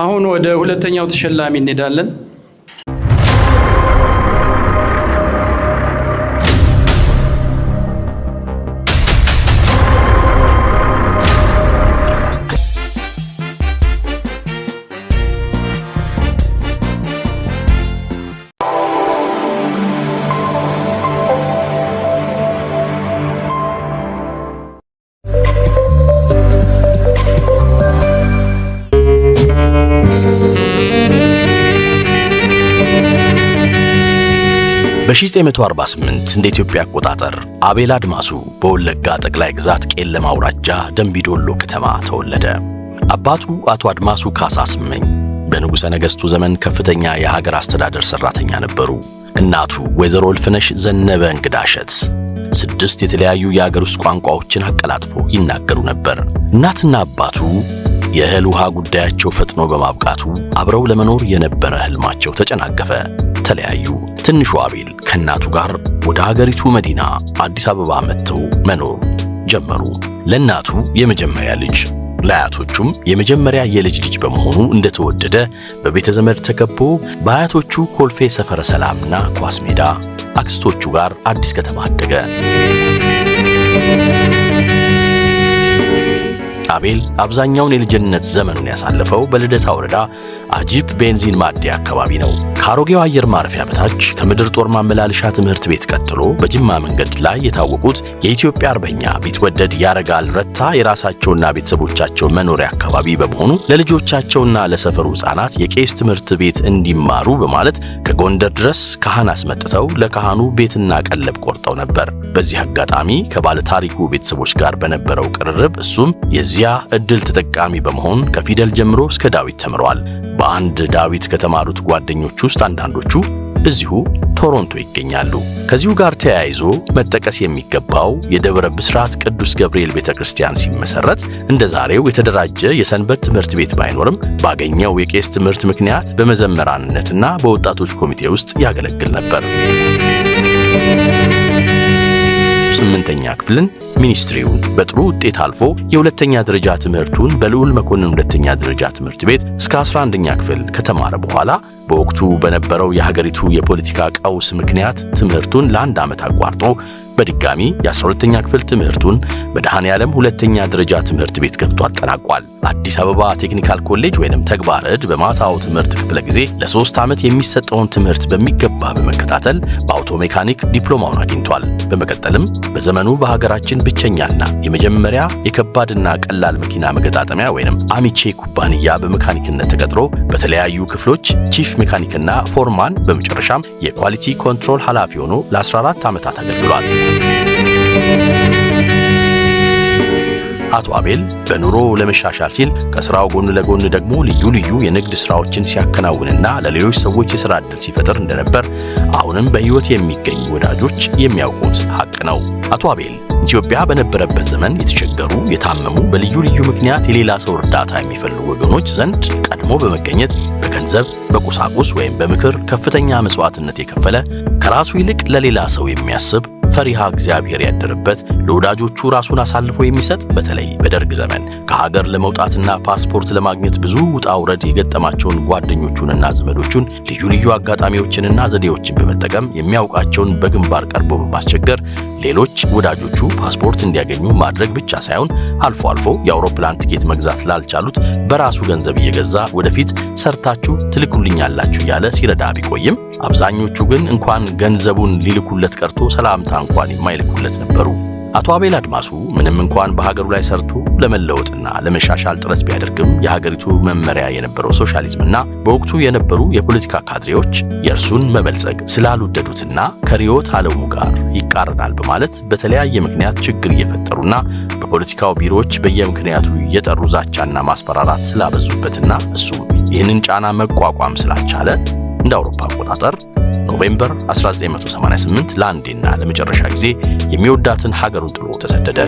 አሁን ወደ ሁለተኛው ተሸላሚ እንሄዳለን። በ1948 እንደ ኢትዮጵያ አቆጣጠር አቤል አድማሱ በወለጋ ጠቅላይ ግዛት ቄለም አውራጃ ደምቢዶሎ ከተማ ተወለደ። አባቱ አቶ አድማሱ ካሳ ስመኝ በንጉሠ ነገሥቱ ዘመን ከፍተኛ የሀገር አስተዳደር ሠራተኛ ነበሩ። እናቱ ወይዘሮ እልፍነሽ ዘነበ እንግዳሸት ስድስት የተለያዩ የአገር ውስጥ ቋንቋዎችን አቀላጥፎ ይናገሩ ነበር። እናትና አባቱ የእህል ውሃ ጉዳያቸው ፈጥኖ በማብቃቱ አብረው ለመኖር የነበረ ህልማቸው ተጨናገፈ፣ ተለያዩ። ትንሹ አቤል ከእናቱ ጋር ወደ ሀገሪቱ መዲና አዲስ አበባ መጥተው መኖር ጀመሩ። ለእናቱ የመጀመሪያ ልጅ ለአያቶቹም የመጀመሪያ የልጅ ልጅ በመሆኑ እንደተወደደ በቤተ ዘመድ ተከቦ በአያቶቹ ኮልፌ ሰፈረ ሰላምና ኳስ ሜዳ አክስቶቹ ጋር አዲስ ከተማ አደገ። አቤል አብዛኛውን የልጅነት ዘመኑን ያሳለፈው በልደታ ወረዳ አጂፕ ቤንዚን ማደያ አካባቢ ነው። ከአሮጌው አየር ማረፊያ በታች ከምድር ጦር ማመላለሻ ትምህርት ቤት ቀጥሎ በጅማ መንገድ ላይ የታወቁት የኢትዮጵያ አርበኛ ቢትወደድ ያረጋል ረታ የራሳቸውና ቤተሰቦቻቸው መኖሪያ አካባቢ በመሆኑ ለልጆቻቸውና ለሰፈሩ ሕፃናት የቄስ ትምህርት ቤት እንዲማሩ በማለት ከጎንደር ድረስ ካህን አስመጥተው ለካህኑ ቤትና ቀለብ ቆርጠው ነበር። በዚህ አጋጣሚ ከባለታሪኩ ቤተሰቦች ጋር በነበረው ቅርርብ እሱም የዚያ እድል ተጠቃሚ በመሆን ከፊደል ጀምሮ እስከ ዳዊት ተምሯል። በአንድ ዳዊት ከተማሩት ጓደኞች ውስጥ አንዳንዶቹ እዚሁ ቶሮንቶ ይገኛሉ። ከዚሁ ጋር ተያይዞ መጠቀስ የሚገባው የደብረ ብስራት ቅዱስ ገብርኤል ቤተ ክርስቲያን ሲመሰረት እንደ ዛሬው የተደራጀ የሰንበት ትምህርት ቤት ባይኖርም ባገኘው የቄስ ትምህርት ምክንያት በመዘመራንነትና በወጣቶች ኮሚቴ ውስጥ ያገለግል ነበር። ስምንተኛ ክፍልን ሚኒስትሪውን በጥሩ ውጤት አልፎ የሁለተኛ ደረጃ ትምህርቱን በልዑል መኮንን ሁለተኛ ደረጃ ትምህርት ቤት እስከ 11ኛ ክፍል ከተማረ በኋላ በወቅቱ በነበረው የሀገሪቱ የፖለቲካ ቀውስ ምክንያት ትምህርቱን ለአንድ ዓመት አቋርጦ በድጋሚ የ12ኛ ክፍል ትምህርቱን መድኃኔ ዓለም ሁለተኛ ደረጃ ትምህርት ቤት ገብቶ አጠናቋል። አዲስ አበባ ቴክኒካል ኮሌጅ ወይንም ተግባረ ዕድ በማታው ትምህርት ክፍለ ጊዜ ለሶስት ዓመት የሚሰጠውን ትምህርት በሚገባ በመከታተል በአውቶ ሜካኒክ ዲፕሎማውን አግኝቷል። በመቀጠልም በዘመኑ በሀገራችን ብቸኛና የመጀመሪያ የከባድና ቀላል መኪና መገጣጠሚያ ወይም አሚቼ ኩባንያ በመካኒክነት ተቀጥሮ በተለያዩ ክፍሎች ቺፍ ሜካኒክና ፎርማን በመጨረሻም የኳሊቲ ኮንትሮል ኃላፊ ሆኖ ለ14 ዓመታት አገልግሏል። አቶ አቤል በኑሮ ለመሻሻል ሲል ከስራው ጎን ለጎን ደግሞ ልዩ ልዩ የንግድ ስራዎችን ሲያከናውንና ለሌሎች ሰዎች የስራ እድል ሲፈጥር እንደነበር አሁንም በህይወት የሚገኙ ወዳጆች የሚያውቁት ሀቅ ነው። አቶ አቤል ኢትዮጵያ በነበረበት ዘመን የተቸገሩ፣ የታመሙ፣ በልዩ ልዩ ምክንያት የሌላ ሰው እርዳታ የሚፈልጉ ወገኖች ዘንድ ቀድሞ በመገኘት በገንዘብ በቁሳቁስ ወይም በምክር ከፍተኛ መስዋዕትነት የከፈለ ከራሱ ይልቅ ለሌላ ሰው የሚያስብ ፈሪሃ እግዚአብሔር ያደረበት ለወዳጆቹ ራሱን አሳልፎ የሚሰጥ በተለይ በደርግ ዘመን ከሀገር ለመውጣትና ፓስፖርት ለማግኘት ብዙ ውጣ ውረድ የገጠማቸውን ጓደኞቹንና ዘመዶቹን ልዩ ልዩ አጋጣሚዎችንና ዘዴዎችን በመጠቀም የሚያውቃቸውን በግንባር ቀርቦ በማስቸገር ሌሎች ወዳጆቹ ፓስፖርት እንዲያገኙ ማድረግ ብቻ ሳይሆን አልፎ አልፎ የአውሮፕላን ቲኬት መግዛት ላልቻሉት በራሱ ገንዘብ እየገዛ ወደፊት ሰርታችሁ ትልኩልኛላችሁ እያለ ሲረዳ ቢቆይም አብዛኞቹ ግን እንኳን ገንዘቡን ሊልኩለት ቀርቶ ሰላምታ እንኳን የማይልኩለት ነበሩ። አቶ አቤል አድማሱ ምንም እንኳን በሀገሩ ላይ ሰርቶ ለመለወጥና ለመሻሻል ጥረት ቢያደርግም የሀገሪቱ መመሪያ የነበረው ሶሻሊዝምና በወቅቱ የነበሩ የፖለቲካ ካድሬዎች የእርሱን መበልጸግ ስላልወደዱትና ከርዕዮተ ዓለሙ ጋር ይቃረናል በማለት በተለያየ ምክንያት ችግር እየፈጠሩና በፖለቲካው ቢሮዎች በየምክንያቱ እየጠሩ ዛቻና ማስፈራራት ስላበዙበትና እሱም ይህንን ጫና መቋቋም ስላልቻለ እንደ አውሮፓ አቆጣጠር ኖቬምበር 1988 ለአንዴና ለመጨረሻ ጊዜ የሚወዳትን ሀገሩን ጥሎ ተሰደደ።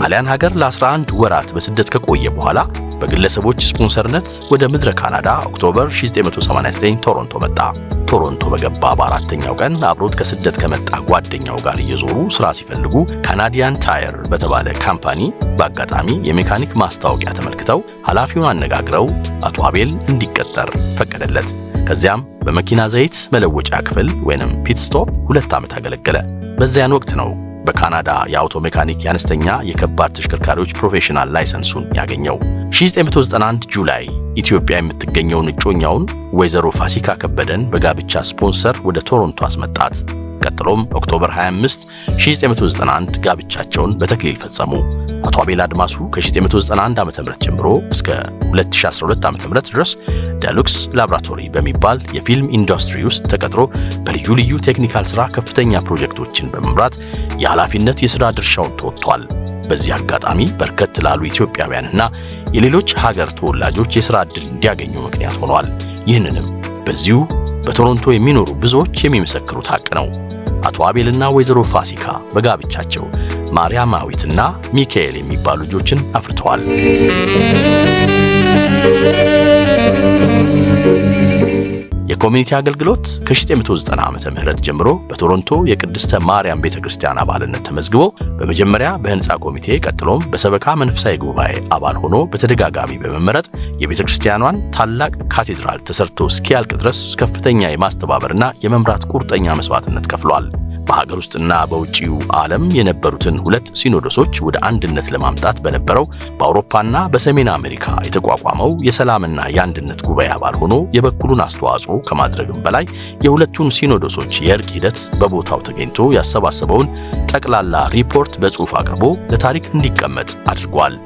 ጣሊያን ሀገር ለ11 ወራት በስደት ከቆየ በኋላ በግለሰቦች ስፖንሰርነት ወደ ምድረ ካናዳ ኦክቶበር 1989 ቶሮንቶ መጣ። ቶሮንቶ በገባ በአራተኛው ቀን አብሮት ከስደት ከመጣ ጓደኛው ጋር እየዞሩ ስራ ሲፈልጉ ካናዲያን ታየር በተባለ ካምፓኒ በአጋጣሚ የሜካኒክ ማስታወቂያ ተመልክተው ኃላፊውን አነጋግረው አቶ አቤል እንዲቀጠር ፈቀደለት። ከዚያም በመኪና ዘይት መለወጫ ክፍል ወይንም ፒትስቶፕ ሁለት ዓመት አገለገለ። በዚያን ወቅት ነው በካናዳ የአውቶ ሜካኒክ የአነስተኛ የከባድ ተሽከርካሪዎች ፕሮፌሽናል ላይሰንሱን ያገኘው። 1991 ጁላይ ኢትዮጵያ የምትገኘውን እጮኛውን ወይዘሮ ፋሲካ ከበደን በጋብቻ ስፖንሰር ወደ ቶሮንቶ አስመጣት። ቀጥሎም ኦክቶበር 25 1991 ጋብቻቸውን በተክሊል ፈጸሙ። አቶ አቤል አድማሱ ከ1991 ዓ.ም ጀምሮ እስከ 2012 ዓ.ም ድረስ ደሉክስ ላብራቶሪ በሚባል የፊልም ኢንዱስትሪ ውስጥ ተቀጥሮ በልዩ ልዩ ቴክኒካል ስራ ከፍተኛ ፕሮጀክቶችን በመምራት የኃላፊነት የሥራ ድርሻውን ተወጥቷል። በዚህ አጋጣሚ በርከት ላሉ ኢትዮጵያውያንና የሌሎች ሀገር ተወላጆች የሥራ ዕድል እንዲያገኙ ምክንያት ሆኗል። ይህንንም በዚሁ በቶሮንቶ የሚኖሩ ብዙዎች የሚመሰክሩት ሀቅ ነው። አቶ አቤልና ወይዘሮ ፋሲካ በጋብቻቸው ማርያማዊትና ሚካኤል የሚባሉ ልጆችን አፍርተዋል። የኮሚኒቲ አገልግሎት ከ1990 ዓ ም ጀምሮ በቶሮንቶ የቅድስተ ማርያም ቤተ ክርስቲያን አባልነት ተመዝግቦ በመጀመሪያ በህንፃ ኮሚቴ ቀጥሎም በሰበካ መንፈሳዊ ጉባኤ አባል ሆኖ በተደጋጋሚ በመመረጥ የቤተ ክርስቲያኗን ታላቅ ካቴድራል ተሰርቶ እስኪያልቅ ድረስ ከፍተኛ የማስተባበርና የመምራት ቁርጠኛ መስዋዕትነት ከፍሏል። በሀገር ውስጥና በውጭው ዓለም የነበሩትን ሁለት ሲኖዶሶች ወደ አንድነት ለማምጣት በነበረው በአውሮፓና በሰሜን አሜሪካ የተቋቋመው የሰላምና የአንድነት ጉባኤ አባል ሆኖ የበኩሉን አስተዋጽኦ ከማድረግም በላይ የሁለቱን ሲኖዶሶች የእርቅ ሂደት በቦታው ተገኝቶ ያሰባሰበውን ጠቅላላ ሪፖርት በጽሑፍ አቅርቦ ለታሪክ እንዲቀመጥ አድርጓል።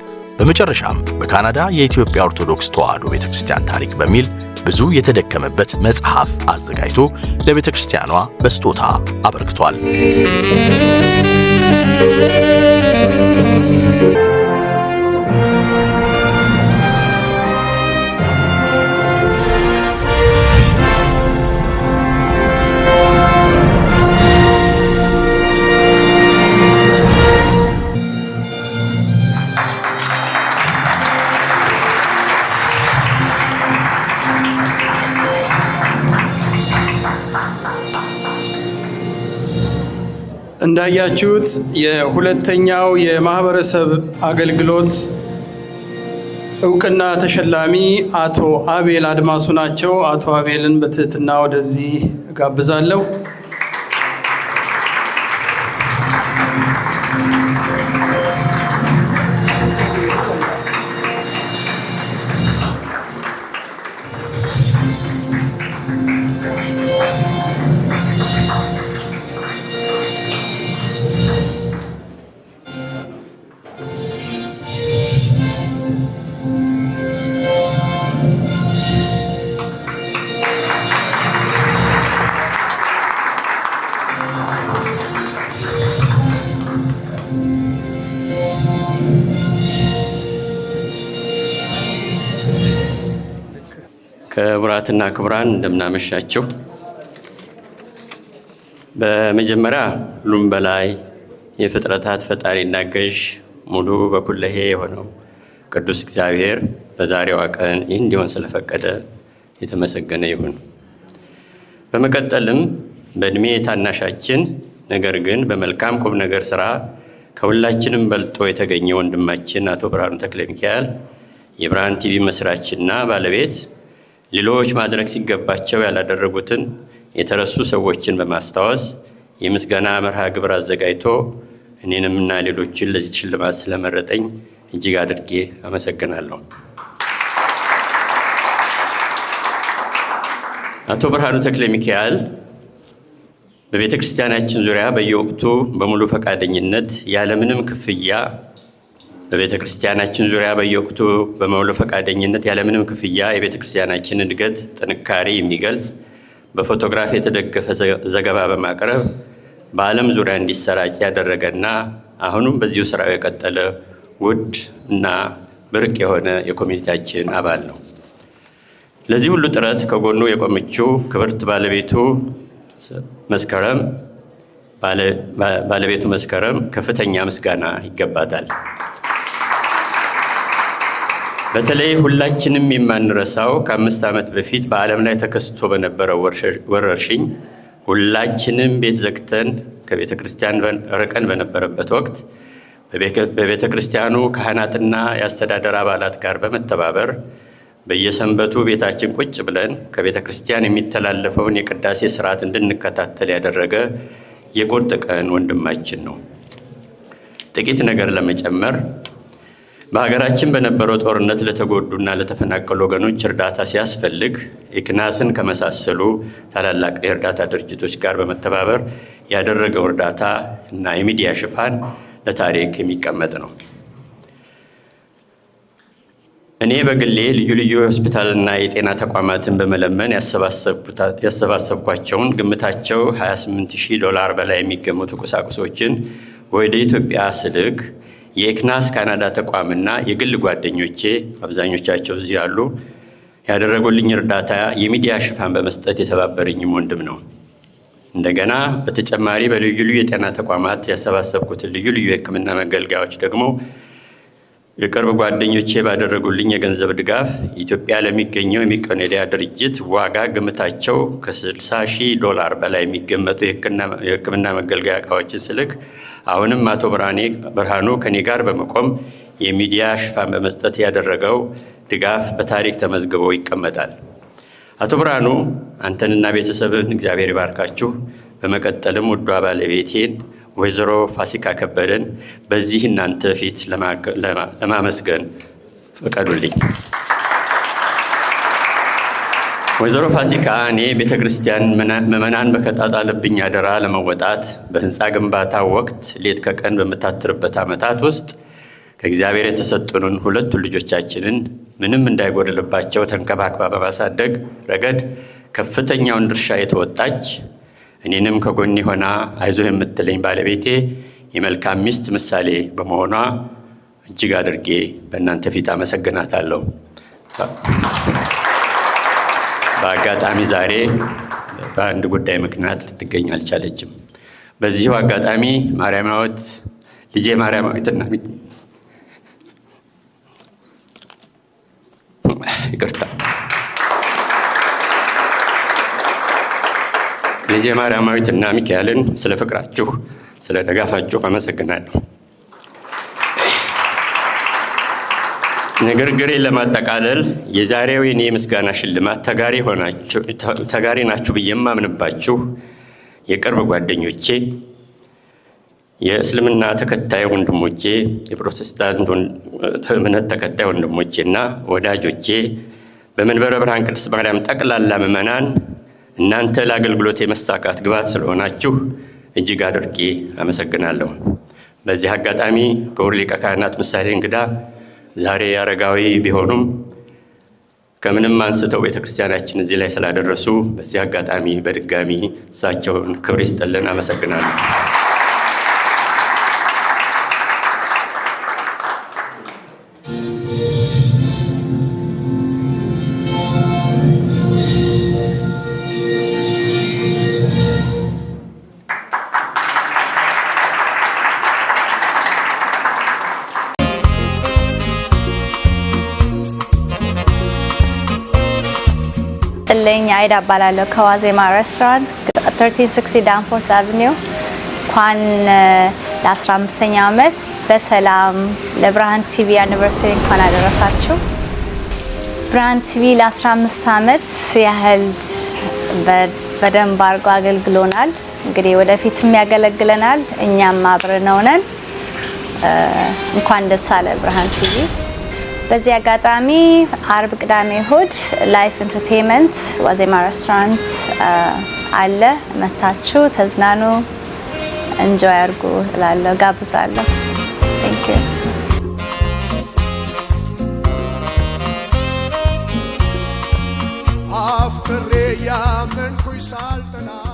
በመጨረሻም በካናዳ የኢትዮጵያ ኦርቶዶክስ ተዋሕዶ ቤተክርስቲያን ታሪክ በሚል ብዙ የተደከመበት መጽሐፍ አዘጋጅቶ ለቤተክርስቲያኗ በስጦታ አበርክቷል። እንዳያችሁት የሁለተኛው የማህበረሰብ አገልግሎት እውቅና ተሸላሚ አቶ አቤል አድማሱ ናቸው። አቶ አቤልን በትህትና ወደዚህ እጋብዛለሁ። ክቡራትና ክቡራን እንደምናመሻቸው። በመጀመሪያ ሁሉም በላይ የፍጥረታት ፈጣሪና ገዥ ሙሉ በኩለሄ የሆነው ቅዱስ እግዚአብሔር በዛሬዋ ቀን ይህ እንዲሆን ስለፈቀደ የተመሰገነ ይሁን። በመቀጠልም በእድሜ ታናሻችን ነገር ግን በመልካም ቁም ነገር ስራ ከሁላችንም በልጦ የተገኘ ወንድማችን አቶ ብርሃኑ ተክለ ሚካኤል የብርሃን ቲቪ መስራችና ባለቤት ሌሎች ማድረግ ሲገባቸው ያላደረጉትን የተረሱ ሰዎችን በማስታወስ የምስጋና መርሃ ግብር አዘጋጅቶ እኔንምና ሌሎችን ለዚህ ሽልማት ስለመረጠኝ እጅግ አድርጌ አመሰግናለሁ። አቶ ብርሃኑ ተክለ ሚካኤል በቤተ ክርስቲያናችን ዙሪያ በየወቅቱ በሙሉ ፈቃደኝነት ያለምንም ክፍያ በቤተ ክርስቲያናችን ዙሪያ በየወቅቱ በመውሎ ፈቃደኝነት ያለምንም ክፍያ የቤተ ክርስቲያናችን እድገት ጥንካሬ የሚገልጽ በፎቶግራፍ የተደገፈ ዘገባ በማቅረብ በዓለም ዙሪያ እንዲሰራጭ ያደረገና አሁኑም በዚሁ ስራው የቀጠለ ውድ እና ብርቅ የሆነ የኮሚኒቲያችን አባል ነው። ለዚህ ሁሉ ጥረት ከጎኑ የቆመችው ክብርት ባለቤቱ መስከረም ባለቤቱ መስከረም ከፍተኛ ምስጋና ይገባታል። በተለይ ሁላችንም የማንረሳው ከአምስት ዓመት በፊት በዓለም ላይ ተከስቶ በነበረው ወረርሽኝ ሁላችንም ቤት ዘግተን ከቤተ ክርስቲያን ርቀን በነበረበት ወቅት በቤተ ክርስቲያኑ ካህናትና የአስተዳደር አባላት ጋር በመተባበር በየሰንበቱ ቤታችን ቁጭ ብለን ከቤተ ክርስቲያን የሚተላለፈውን የቅዳሴ ስርዓት እንድንከታተል ያደረገ የቁርጥ ቀን ወንድማችን ነው። ጥቂት ነገር ለመጨመር በሀገራችን በነበረው ጦርነት ለተጎዱና ለተፈናቀሉ ወገኖች እርዳታ ሲያስፈልግ ኢክናስን ከመሳሰሉ ታላላቅ የእርዳታ ድርጅቶች ጋር በመተባበር ያደረገው እርዳታ እና የሚዲያ ሽፋን ለታሪክ የሚቀመጥ ነው። እኔ በግሌ ልዩ ልዩ የሆስፒታልና የጤና ተቋማትን በመለመን ያሰባሰብኳቸውን ግምታቸው 28 ዶላር በላይ የሚገመቱ ቁሳቁሶችን ወደ ኢትዮጵያ ስልክ የኤክናስ ካናዳ ተቋምና የግል ጓደኞቼ አብዛኞቻቸው እዚህ ያሉ ያደረጉልኝ እርዳታ የሚዲያ ሽፋን በመስጠት የተባበረኝም ወንድም ነው። እንደገና በተጨማሪ በልዩ ልዩ የጤና ተቋማት ያሰባሰብኩትን ልዩ ልዩ የሕክምና መገልገያዎች ደግሞ የቅርብ ጓደኞቼ ባደረጉልኝ የገንዘብ ድጋፍ ኢትዮጵያ ለሚገኘው የመቄዶንያ ድርጅት ዋጋ ግምታቸው ከ60 ሺህ ዶላር በላይ የሚገመቱ የሕክምና መገልገያ እቃዎችን ስልክ አሁንም አቶ ብርሃኑ ከኔ ጋር በመቆም የሚዲያ ሽፋን በመስጠት ያደረገው ድጋፍ በታሪክ ተመዝግቦ ይቀመጣል። አቶ ብርሃኑ አንተንና ቤተሰብን እግዚአብሔር ይባርካችሁ። በመቀጠልም ውዷ ባለቤቴን ወይዘሮ ፋሲካ ከበደን በዚህ እናንተ ፊት ለማመስገን ፈቀዱልኝ። ወይዘሮ ፋሲካ እኔ ቤተ ክርስቲያን ምዕመናን ልብኝ አደራ ለመወጣት በህንፃ ግንባታ ወቅት ሌት ከቀን በምታትርበት ዓመታት ውስጥ ከእግዚአብሔር የተሰጡንን ሁለቱን ልጆቻችንን ምንም እንዳይጎድልባቸው ተንከባክባ በማሳደግ ረገድ ከፍተኛውን ድርሻ የተወጣች እኔንም ከጎኔ ሆና አይዞህ የምትለኝ ባለቤቴ የመልካም ሚስት ምሳሌ በመሆኗ እጅግ አድርጌ በእናንተ ፊት አመሰግናታለሁ። በአጋጣሚ ዛሬ በአንድ ጉዳይ ምክንያት ልትገኝ አልቻለችም። በዚሁ አጋጣሚ ማርያማዊት ልጄ ማርያማዊትና ይቅርታ ማርያማዊት እና ሚካኤልን ስለ ፍቅራችሁ፣ ስለ ደጋፋችሁ አመሰግናለሁ። ንግግሬን ለማጠቃለል የዛሬው የኔ ምስጋና ሽልማት ተጋሪ ናችሁ ብዬ የማምንባችሁ የቅርብ ጓደኞቼ፣ የእስልምና ተከታይ ወንድሞቼ፣ የፕሮቴስታንት እምነት ተከታይ ወንድሞቼ እና ወዳጆቼ በመንበረ ብርሃን ቅድስት ማርያም ጠቅላላ ምዕመናን እናንተ ለአገልግሎት የመሳካት ግብዓት ስለሆናችሁ እጅግ አድርጌ አመሰግናለሁ። በዚህ አጋጣሚ ክቡር ሊቀ ካህናት ምሳሌ እንግዳ ዛሬ አረጋዊ ቢሆኑም ከምንም አንስተው ቤተክርስቲያናችን እዚህ ላይ ስላደረሱ በዚህ አጋጣሚ በድጋሚ እሳቸውን ክብር ይስጥልን። አመሰግናለሁ። አይዳ እባላለሁ ከዋዜማ ሬስቶራንት 1360 ዳንፎርት አቭኒው። እንኳን ለ15ኛ ዓመት በሰላም ለብርሃን ቲቪ አኒቨርሰሪ እንኳን አደረሳችሁ። ብርሃን ቲቪ ለ15 ዓመት ያህል በደንብ አድርጎ አገልግሎናል። እንግዲህ ወደፊትም ያገለግለናል። እኛም አብረን ሆነን እንኳን ደስ አለ ብርሃን ቲቪ። በዚህ አጋጣሚ አርብ፣ ቅዳሜ፣ እሁድ ላይፍ ኢንተርቴንመንት ዋዜማ ሬስቶራንት አለ። መታችሁ ተዝናኑ፣ እንጆይ አርጉ እላለሁ፣ ጋብዛለሁ። ቴንክ አፍቅሬ ያመንኩሽ ሳልጠላ